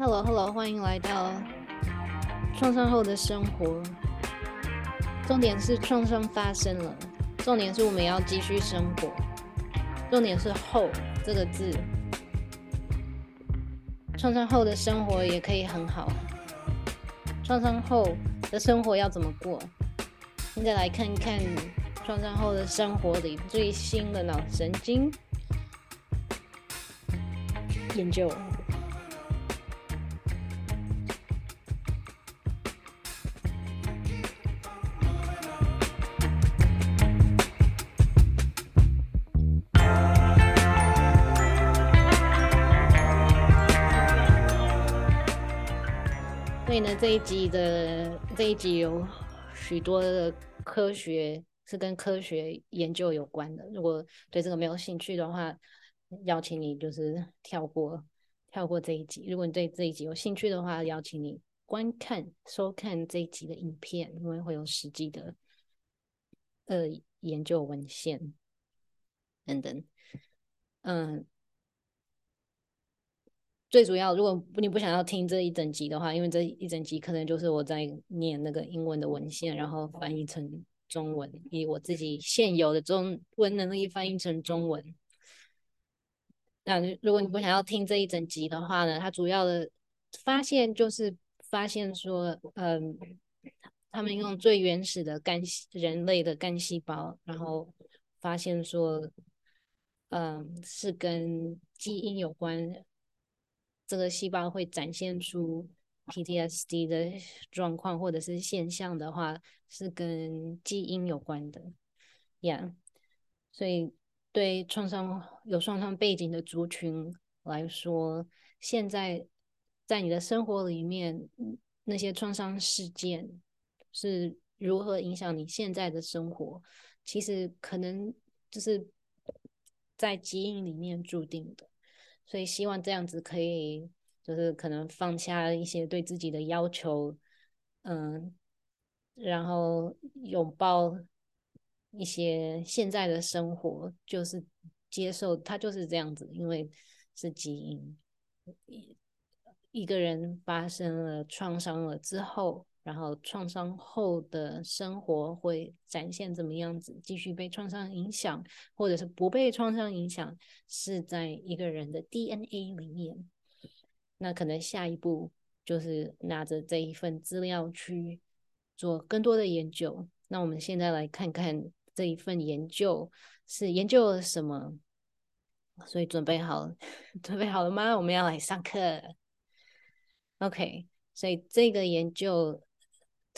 Hello，Hello，hello，歡迎來到創傷後的生活。重點是創傷發生了，重點是我們要繼續生活，重點是「後」這個字。創傷後的生活也可以很好。創傷後的生活要怎麼過？現在來看看創傷後的生活裡最新的腦神經研究。所以呢，這一集的這一集有許多的科學是跟科學研究有關的。如果對這個沒有興趣的話，邀請你就是跳過跳過這一集。如果你對這一集有興趣的話，邀請你觀看收看這一集的影片，因為會有實際的呃研究文獻等等，then, 嗯。最主要，如果你不想要聽這一整集的話，因為這一整集可能就是我在念那個英文的文獻，然後翻譯成中文，以我自己現有的中文能力翻譯成中文。那如果你不想要聽這一整集的話呢，它主要的發現就是發現說，嗯，他們用最原始的幹人類的幹細胞，然後發現說，嗯，是跟基因有關。這個細胞會展現出 PTSD 的狀況或者是現象的話，是跟基因有關的。Yeah。所以對創傷有創傷背景的族群來說，現在在你的生活裡面，那些創傷事件是如何影響你現在的生活，其實可能就是在基因裡面注定的。所以希望這樣子可以，就是可能放下一些對自己的要求，嗯，然後擁抱一些現在的生活，就是接受他就是這樣子，因為是基因，一一個人發生了創傷了之後。然後創傷後的生活會展現怎麼樣子，繼續被創傷影響，或者是不被創傷影響，是在一個人的 DNA 裡面。那可能下一步就是拿着這一份資料去做更多的研究。那我們現在來看看這一份研究是研究了什麼。所以準備好了，準備好了嗎？我們要來上課。OK，所以這個研究。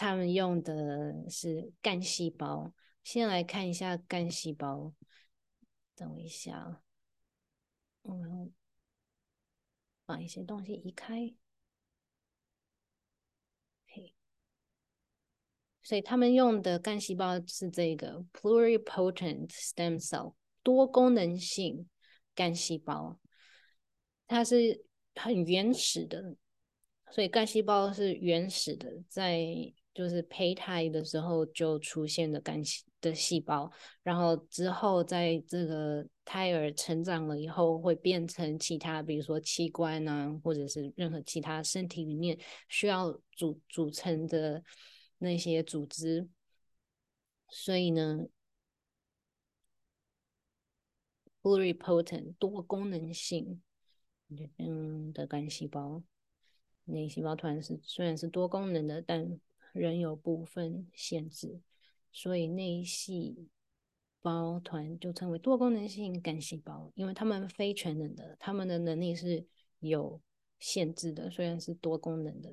他們用的是幹細胞，先來看一下幹細胞。等一下，我們把一些東西移開。Okay. 所以他們用的幹細胞是這個 pluripotent stem cell，多功能性幹細胞，它是很原始的，所以幹細胞是原始的，在。就是胚胎的時候就出現的幹細的細胞，然後之後在這個胎兒成長了以後，會變成其他，比如說器官啊，或者是任何其他身體裡面需要組組成的那些組織。所以呢，pluripotent 多功能性，嗯的幹細胞，內細胞團是雖然是多功能的，但仍有部分限制，所以內細胞團就稱為多功能性幹細胞，因為他們非全能的，他們的能力是有限制的，雖然是多功能的。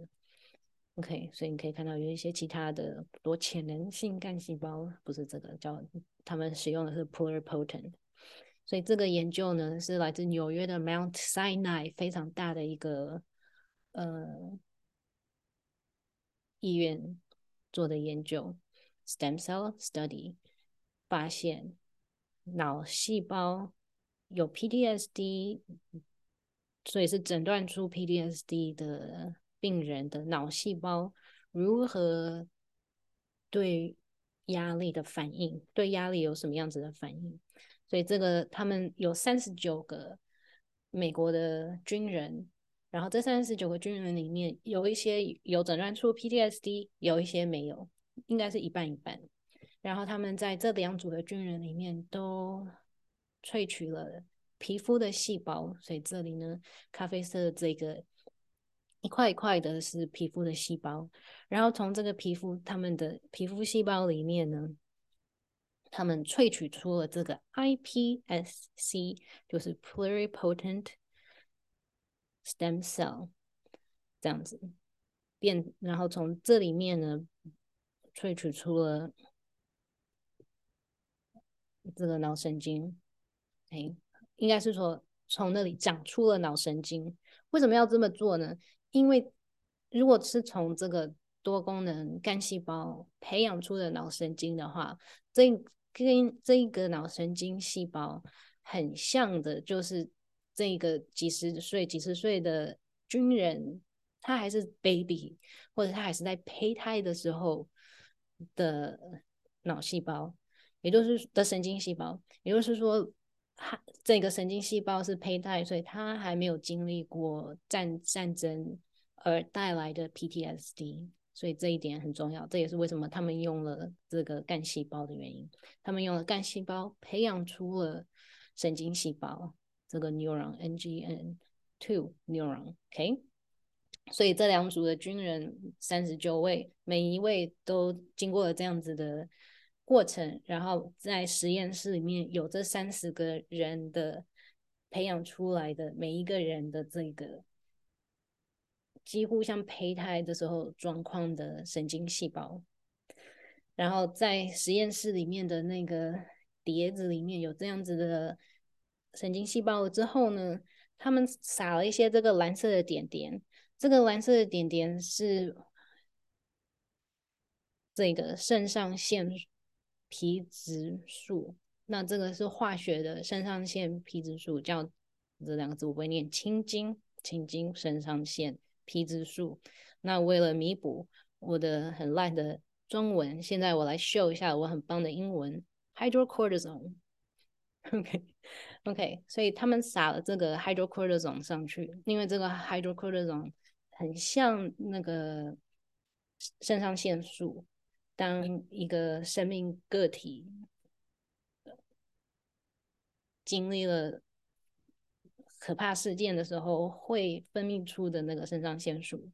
OK，所以你可以看到有一些其他的多潛能性幹細胞，不是這個叫，他們使用的是 pluripotent。所以這個研究呢，是來自紐約的 Mount Sinai 非常大的一個呃。醫院做的研究，stem cell study 發現腦細胞有 PTSD，所以是診斷出 PTSD 的病人的腦細胞如何對壓力的反應，對壓力有什麼樣子的反應？所以這個他們有三十九個美國的軍人。然後這三十九個軍人裡面有一些有診斷出 PTSD，有一些沒有，應該是一半一半。然後他們在這兩組的軍人裡面都萃取了皮膚的細胞，所以這裡呢，咖啡色的這個一塊一塊的是皮膚的細胞。然後從這個皮膚他們的皮膚細胞裡面呢，他們萃取出了這個 iPSC，就是 pluripotent。stem cell 這樣子變，然後從這裡面呢，萃取出了這個腦神經。哎、欸，應該是說從那裡長出了腦神經。為什麼要這麼做呢？因為如果是從這個多功能幹細胞培養出的腦神經的話，這跟這一個腦神經細胞很像的，就是。這個幾十歲、幾十歲的軍人，他還是 baby，或者他還是在胚胎的時候的腦細胞，也就是的神經細胞。也就是說他，他這個神經細胞是胚胎，所以他還沒有經歷過戰戰爭而帶來的 PTSD。所以這一點很重要，這也是為什麼他們用了這個幹細胞的原因。他們用了幹細胞培養出了神經細胞。這個 neuron, NGN two neuron，okay? 所以這兩組的軍人三十九位，每一位都經過了這樣子的過程，然後在實驗室裡面有這三十個人的培養出來的每一個人的這個幾乎像胚胎的時候狀況的神經細胞，然後在實驗室裡面的那個碟子裡面有這樣子的。神經細胞之後呢，他們撒了一些這個藍色的點點。這個藍色的點點是這個腎上腺皮質素。那這個是化學的腎上腺皮質素，叫這兩個字我會念：氫羥氫羥腎上腺皮質素。那為了彌補我的很爛的中文，現在我來秀一下我很棒的英文：hydrocortisone。Hyd OK，OK，okay, okay, 所以他們撒了這個 hydrocortisone 上去，因為這個 hydrocortisone 很像那個腎上腺素，當一個生命個體經歷了可怕事件的時候，會分泌出的那個腎上腺素，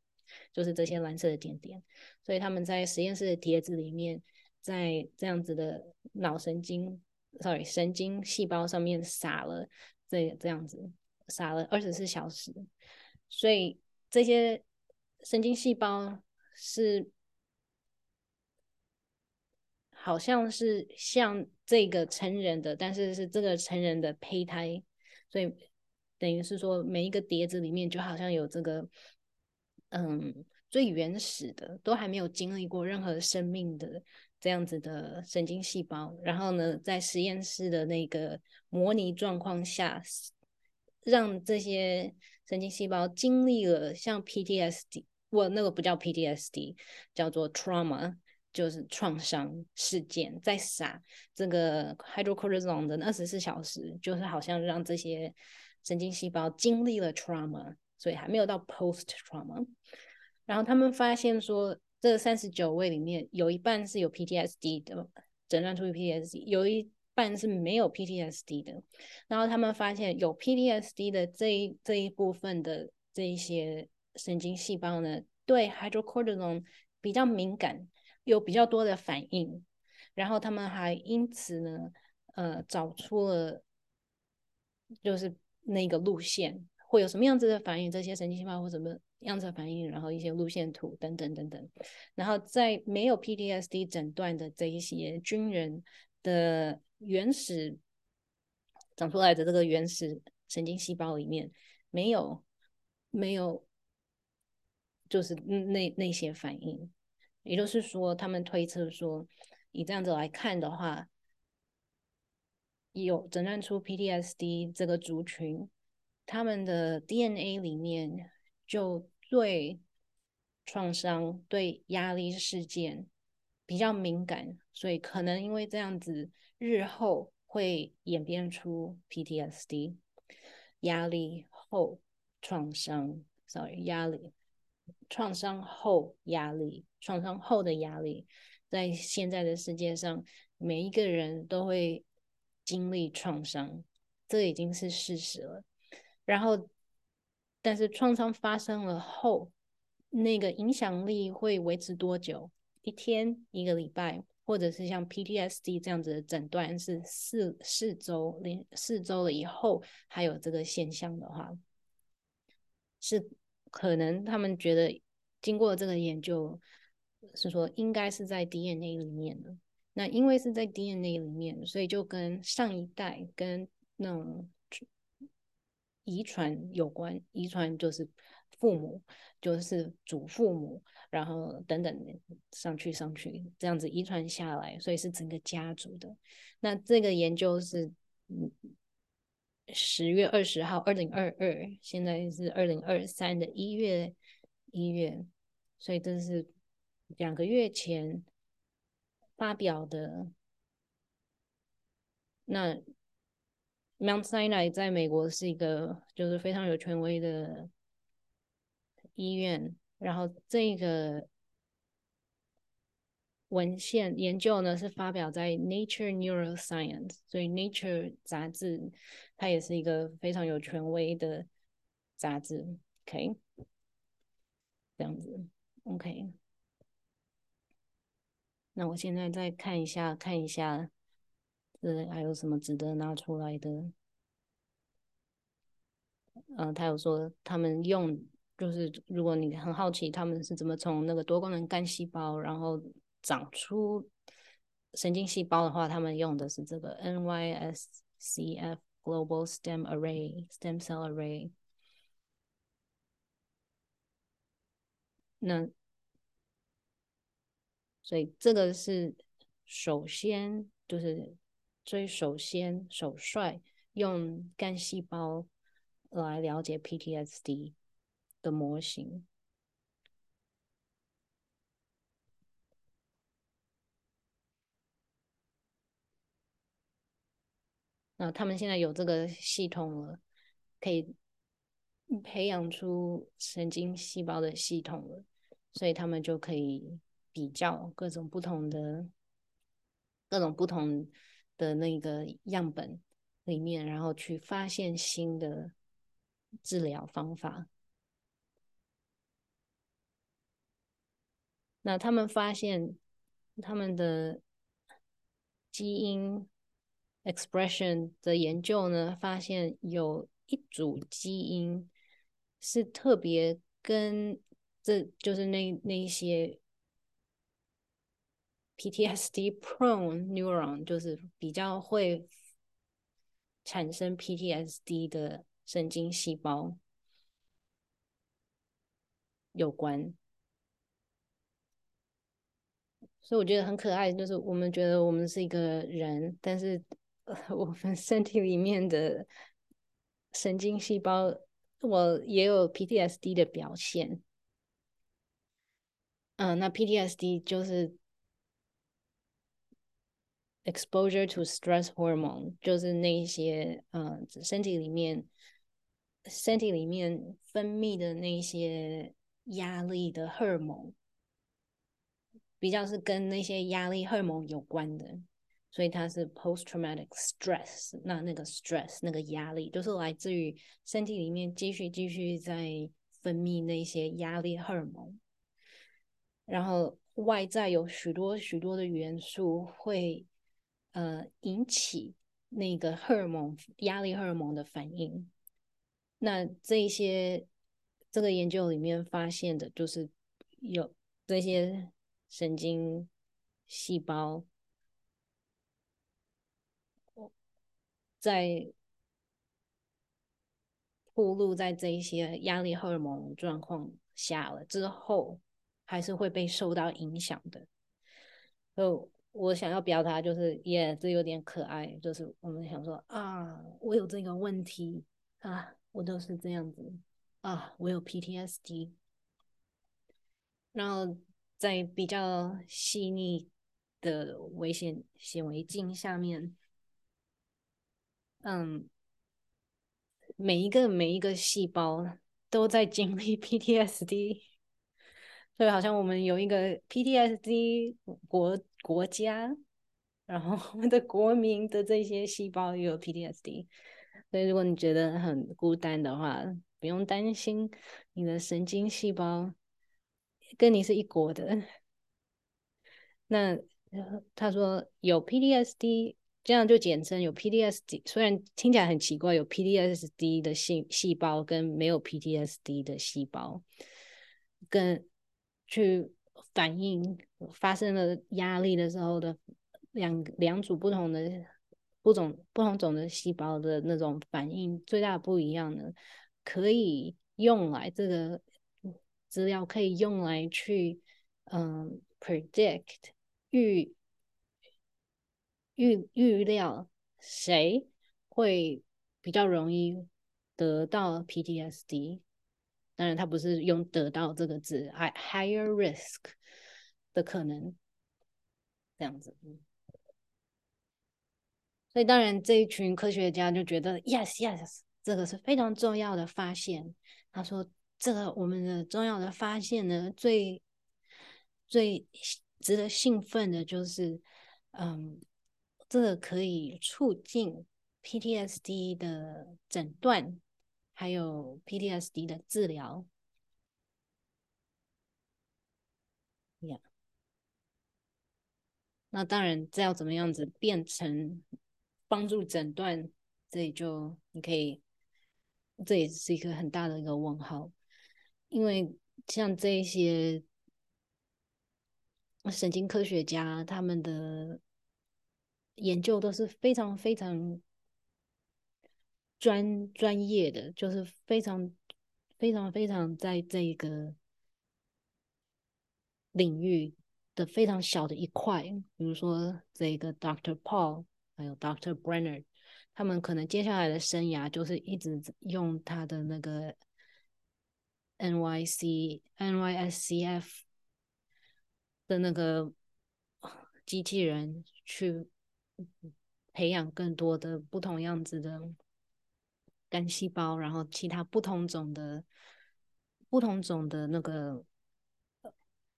就是這些藍色的點點。所以他們在實驗室的碟子裡面，在這樣子的腦神經。sorry，神經細胞上面撒了這這樣子撒了二十四小時，所以這些神經細胞是好像是像這個成人的，但是是這個成人的胚胎，所以等於是說每一個碟子裡面就好像有這個嗯最原始的，都還沒有經歷過任何生命的。這樣子的神經細胞，然後呢，在實驗室的那個模擬狀況下，讓這些神經細胞經歷了像 PTSD，我那個不叫 PTSD，叫做 trauma，就是創傷事件，在撒，這個 hydrocortisone 的二十四小時，就是好像讓這些神經細胞經歷了 trauma，所以還沒有到 post trauma，然後他們發現說。這三十九位裡面有一半是有 PTSD 的診斷出 PTSD，有一半是沒有 PTSD 的。然後他們發現有 PTSD 的這一這一部分的這一些神經細胞呢，對 hydrocortisone 比較敏感，有比較多的反應。然後他們還因此呢，呃，找出了就是那個路線會有什麼樣子的反應，這些神經細胞會怎麼樣子反應，然後一些路線圖等等等等，然後在沒有 PTSD 診斷的這一些軍人的原始長出來的這個原始神經細胞裡面，沒有沒有，就是那那些反應，也就是說，他們推測說，以這樣子來看的話，有診斷出 PTSD 這個族群，他們的 DNA 裡面就。對創傷、對壓力事件比較敏感，所以可能因為這樣子，日後會演變出 PTSD。壓力後創傷，sorry，壓力，創傷後壓力，創傷後的壓力，在現在的世界上，每一個人都會經歷創傷，這已經是事實了。然後。但是創傷發生了後，那個影響力會維持多久？一天、一個禮拜，或者是像 PTSD 這樣子的診斷是四四周、四四周了以後還有這個現象的話，是可能他們覺得經過這個研究是說應該是在 DNA 裡面的。那因為是在 DNA 裡面，所以就跟上一代跟那種。遺傳有關，遺傳就是父母，就是祖父母，然後等等上去上去這樣子遺傳下來，所以是整個家族的。那這個研究是嗯，十月二十號，二零二二，現在是二零二三的一月一月，所以這是兩個月前發表的。那。Mount Sinai 在美國是一個就是非常有權威的醫院，然後這個文獻研究呢是發表在《Nature Neuroscience》，所以《Nature》雜誌它也是一個非常有權威的雜誌。OK，這樣子。OK，那我現在再看一下，看一下。對，還有什麼值得拿出來的？嗯、呃，他有說他們用，就是如果你很好奇他們是怎麼從那個多功能幹細胞然後長出神經細胞的話，他們用的是這個 NYSCF Global Stem Array Stem Cell Array，那所以這個是首先就是。所以，首先，首帥用幹細胞來了解 PTSD 的模型。那他們現在有這個系統了，可以培養出神經細胞的系統了，所以他們就可以比較各種不同的、各種不同。的那個樣本裡面，然後去發現新的治療方法。那他們發現他們的基因 expression 的研究呢，發現有一組基因是特別跟這就是那那一些。PTSD prone neuron 就是比較會產生 PTSD 的神經細胞有關，所以我覺得很可愛，就是我們覺得我們是一個人，但是我們身體裡面的神經細胞我也有 PTSD 的表現。嗯，uh，那 PTSD 就是。Exposure to stress hormone 就是那些嗯、呃，身體裡面身體裡面分泌的那些壓力的荷爾蒙，比較是跟那些壓力荷爾蒙有關的，所以它是 post-traumatic stress。那那個 stress 那個壓力都、就是來自於身體裡面繼續繼續在分泌那些壓力荷爾蒙，然後外在有許多許多的元素會。呃，引起那個荷爾蒙、壓力荷爾蒙的反應。那這些這個研究裡面發現的就是，有這些神經細胞在暴露在這些壓力荷爾蒙狀況下了之後，還是會被受到影響的。So, 我想要表達就是，耶這有點可愛，就是我們想說啊，我有這個問題啊,我都是這樣子啊，我有 PTSD。然後在比較細膩的危險顯微鏡下面，嗯，每一個每一個細胞都在經歷 PTSD，所以好像我們有一個 PTSD 國。國家，然後我們的國民的這些細胞也有 PTSD，所以如果你覺得很孤單的話，不用擔心，你的神經細胞跟你是一國的。那他說有 PTSD，這樣就簡稱有 PTSD，雖然聽起來很奇怪，有 PTSD 的細細胞跟沒有 PTSD 的細胞跟去。反應發生了壓力的時候的兩兩組不同的不同不同種的細胞的那種反應，最大不一樣的，可以用來，這個資料可以用來去嗯 predict 預預預料誰會比較容易得到 PTSD。當然，他不是用「得到」這個字，higher risk 的可能這樣子。所以，當然這一群科學家就覺得，“yes, yes”，這個是非常重要的發現。他說：「這個我們的重要的發現呢，最最值得興奮的就是，嗯，這個可以促進 PTSD 的診斷。」還有 PTSD 的治療，Yeah. 那當然，這要怎麼樣子變成幫助診斷？這裡就你可以，這也是一個很大的一個問號，因為像這些神經科學家，他們的研究都是非常非常。專專業的就是非常非常非常在這個領域的非常小的一塊，比如說這個 Dr. Paul 還有 Dr. Brenner 他們可能接下來的生涯就是一直用他的那個 NYC NYSCF 的那個機器人去培養更多的不同樣子的幹細胞，然後其他不同種的、不同種的那個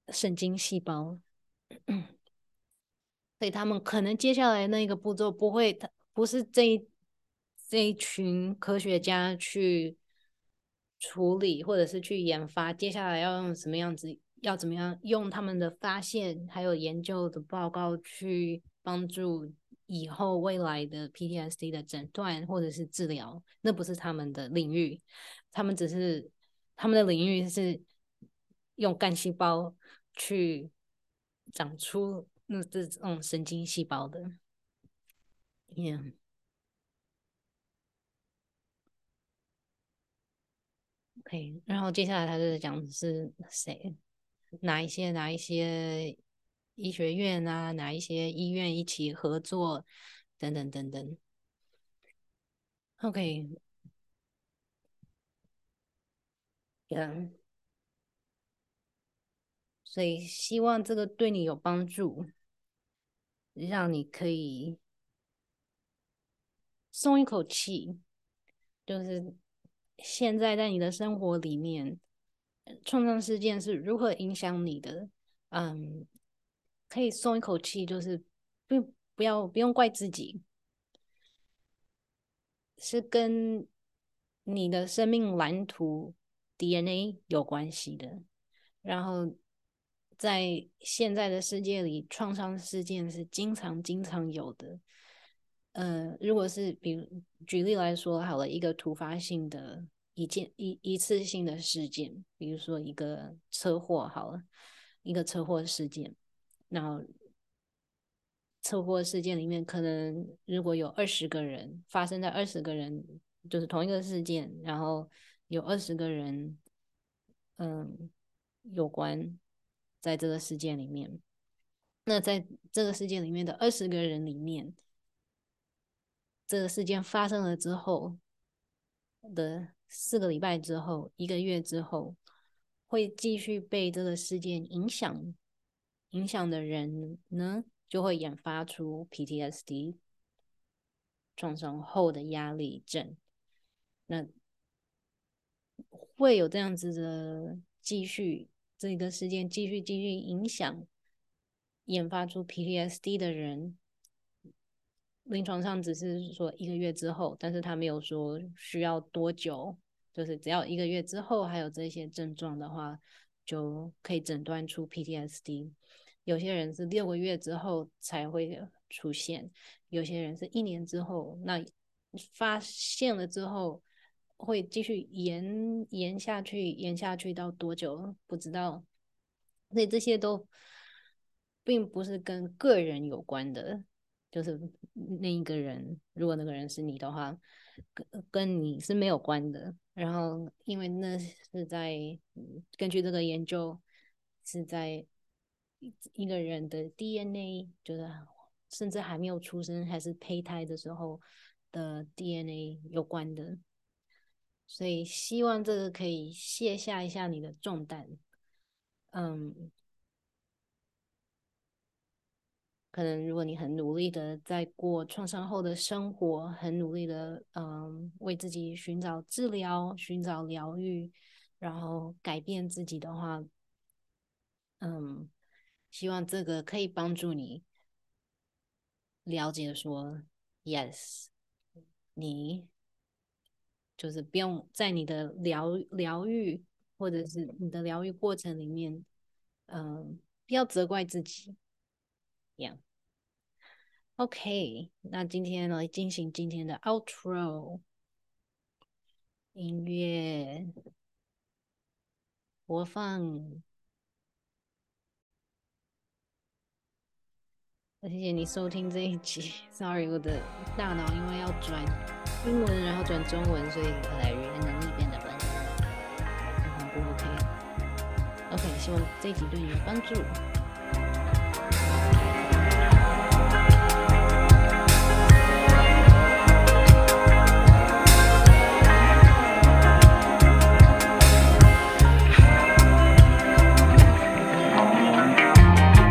神經細胞， 所以他們可能接下來那個步驟不會，不是這一這一群科學家去處理，或者是去研發，接下來要用什麼樣子，要怎麼樣用他們的發現還有研究的報告去幫助。以後未來的 PTSD 的診斷或者是治療，那不是他們的領域，他們只是他們的領域是用幹細胞去長出那這種神經細胞的。嗯。可以，然後接下來他就是講的是誰，哪一些哪一些。醫學院啊，哪一些醫院一起合作，等等等等。OK，嗯、yeah，所以希望這個對你有幫助，讓你可以鬆一口氣。就是現在在你的生活裡面，創傷事件是如何影響你的？嗯、um。可以鬆一口氣，就是不不要，不用怪自己，是跟你的生命藍圖 DNA 有關係的。然後在現在的世界裡，創傷事件是經常經常有的。呃，如果是比如舉例來說，好了，一個突發性的一件一一次性的事件，比如說一個車禍，好了，一個車禍事件。然後，車禍事件裡面，可能如果有二十個人發生在二十個人，就是同一個事件，然後有二十個人，嗯，有關在這個事件裡面。那在這個事件裡面的二十個人裡面，這個事件發生了之後的四個禮拜之後，一個月之後，會繼續被這個事件影響。影響的人呢，就會引發出 PTSD 創傷後的壓力症。那會有這樣子的繼續這個事件繼續繼續影響，引發出 PTSD 的人，臨床上只是說一個月之後，但是他沒有說需要多久，就是只要一個月之後還有這些症狀的話，就可以診斷出 PTSD。有些人是六個月之後才會出現，有些人是一年之後。那發現了之後，會繼續延延下去，延下去到多久不知道。所以這些都並不是跟個人有關的，就是那一個人，如果那個人是你的話，跟跟你是沒有關的。然後，因為那是在根據這個研究是在。一個人的 DNA 就是，甚至還沒有出生，還是胚胎的時候的 DNA 有關的，所以希望這個可以卸下一下你的重擔。嗯，可能如果你很努力的在過創傷後的生活，很努力的，嗯，為自己尋找治療、尋找療癒，然後改變自己的話，嗯。希望這個可以幫助你了解說 yes，你就是不用在你的療療癒或者是你的療癒過程裡面，嗯，不要責怪自己。Yeah，OK，okay，那今天來進行今天的 outro 音樂播放。謝謝你收聽這一集。Sorry，我的大腦因為要轉英文，然後轉中文，所以可能語言能力變得很、嗯、不 OK。OK，希望這一集對你有幫助。